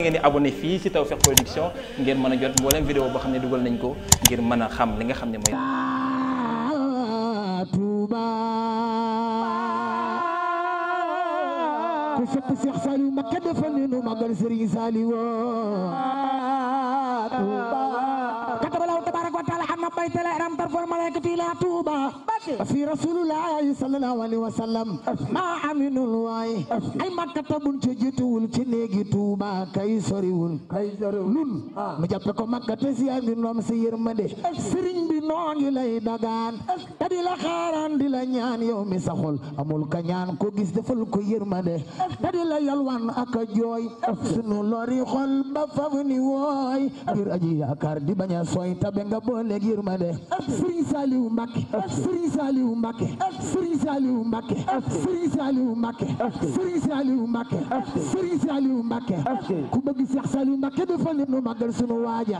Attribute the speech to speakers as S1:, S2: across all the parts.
S1: ngeen di abonné fii ci Tawfekh Production ngeen mën jot mboolem vidéo boo xam ne dugal nañ ko ngir mën a xam li nga xam ne mooy Touba ku fekk Cheikh Saliou Mbacké dafa ne nu magal Serigne Saliou Touba katabalaw tabaaraka wa taala an baytala la Touba في رسول الله صلى الله عليه وسلم ما امين الواي اي ci jiituwul ci néegi Tuuba kay soriwul kay ah. ko Makka si ay ngi noom si yërmande sëriñ bi noo lay dagaan di la xaaraan di la ñaan yow mi sa xol amul ka ñaan ko gis defal ko yërmande te di la yalwaan ak a jooy sunu lori xol ba faw ni wooy ngir aji yaakaar di bañ a sooy tabe nga booleeg yërmande Serigne Saliou Mbacké Serigne Saliou Mbacké Serigne Saliou Mbacké Serigne Saliou Mbacké Serigne Saliou Mbacké Serigne Saliou Mbacké ku bëgg Cheikh Saliou Mbacké defal nu magal sunu waaja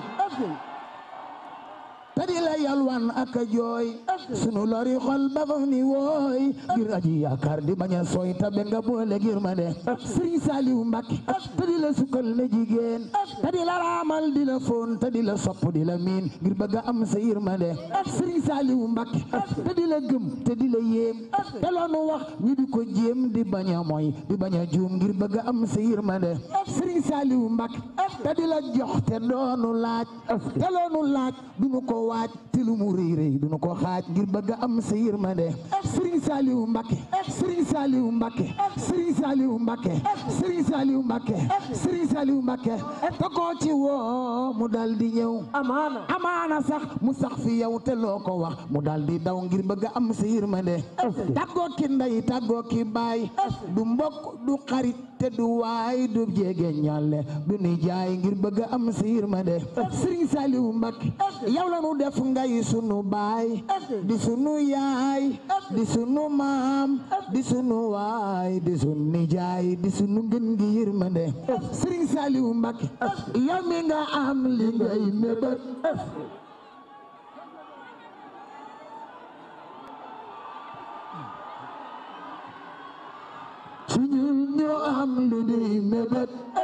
S1: te di la yalwan ak a jooy sunu lori xol ba faf ni wooy ngir aji yaakaar di bañ a sooy tabe nga boole ngir ma ne Serigne Saliou Mbacké te di la sukkal na jigéen te di la raamal di la foon a sa yërmande Serigne Saliou Mbacké te di gëm te di la yéem te loonu wax ñu ko jéem di bañ a mooy di bañ a juum ngir bëgg a am sa yërmande Serigne Saliou Mbacké te di la jox te doonu laaj te loonu laaj du ñu ko waaj te lu mu rëy rëy duñu ko xaaj ngir bëgg am sa yërmande Serigne Saliou Mbacké Serigne Saliou Mbacké Serigne Saliou Mbacké Serigne Saliou Mbacké Serigne koo ci woo mu dal di ñëw amaana sax mu sax fi yow te loo ko wax mu dal di daw ngir bëgg am sa yërmande tàggoo ki ndey tàggoo ki baay du mbokk du xarit te du waay du jege ñaale du ni ngir bëgg am sa yërmande Serigne Saliou Mbacké yow la nu def ngay sunu baay di sunu yaay di sunu maam di sunu waay di sunu nijaay di sunu ngën gi yërmande Serigne Saliou Mbacké yow mi nga am li ngay mébét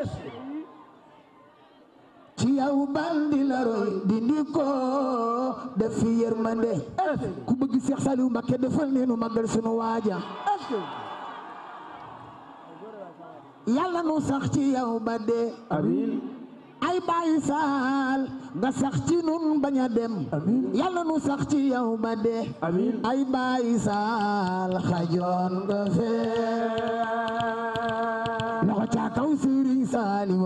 S1: suñu yow bal di la roy dindi ko def fi yërmande ku bëgg Cheikh Saliou Mbacké defal neenu magal sunu waaja yàlla nu sax ci yow ba dee amiin ay bàyyi saal nga sax ci nun bañ a dem yàlla nu sax ci yow ba dee amiin ay bàyyi saal xajoon nga fee loxo ca kaw sëriñ Saaliw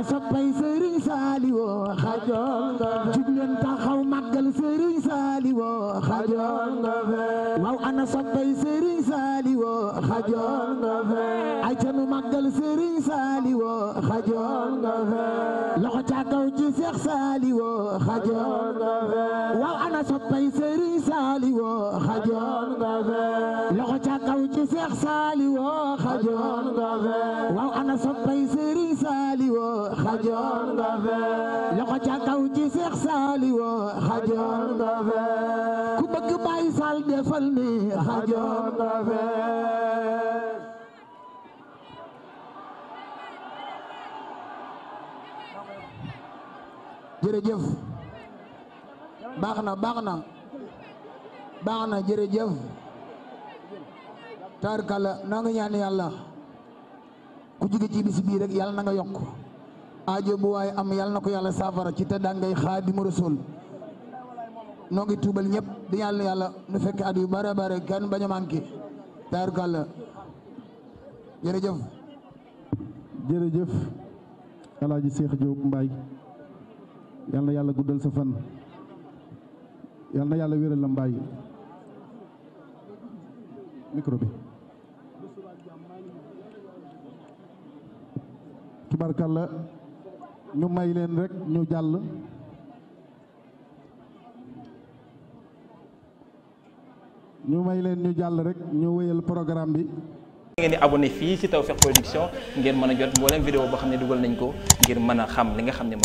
S1: na soppay sëriñ saaliwo xajoon nga fe jubleen taxaw màggal sëriñ saaliwo xajoon nga fe waaw ana soppay sëriñ saaliwo xajoon nga fe ay canu màggal sëriñ saaliwo xajoon nga fe loxo ca kaw ci seex saaliwo xajoon nga fe waaw ana soppay sëriñ saaliwo xajoon nga fe yow ci jërëjëf baax na baax na baax na jërëjëf taar kàll noo nga ñaan yàlla ku jóge ci bis bii yàlla na nga yokk aajo bu waaye am yàlla na ko yàlla saafara ci teddaangay Xaadimu Rasuul noo ngi tuubal ñëpp di yàlla yàlla nu fekk at yu bare bare kenn bañ a manqué taar kàlla jërëjëf jërëjëf alaaji Seex Jóob Mbaay yàlla na yàlla guddal sa fan yàlla na yàlla wéral la mbaay micro tubarkalla ñu may leen rek ñu jàll ñu may leen ñu jàll rek ñu wéyal programme bi ngeen di abonné fii ci Tawfekh Production ngeen mën a jot mboolem vidéo boo xam ne dugal nañ ko ngir mën a xam li nga xam ne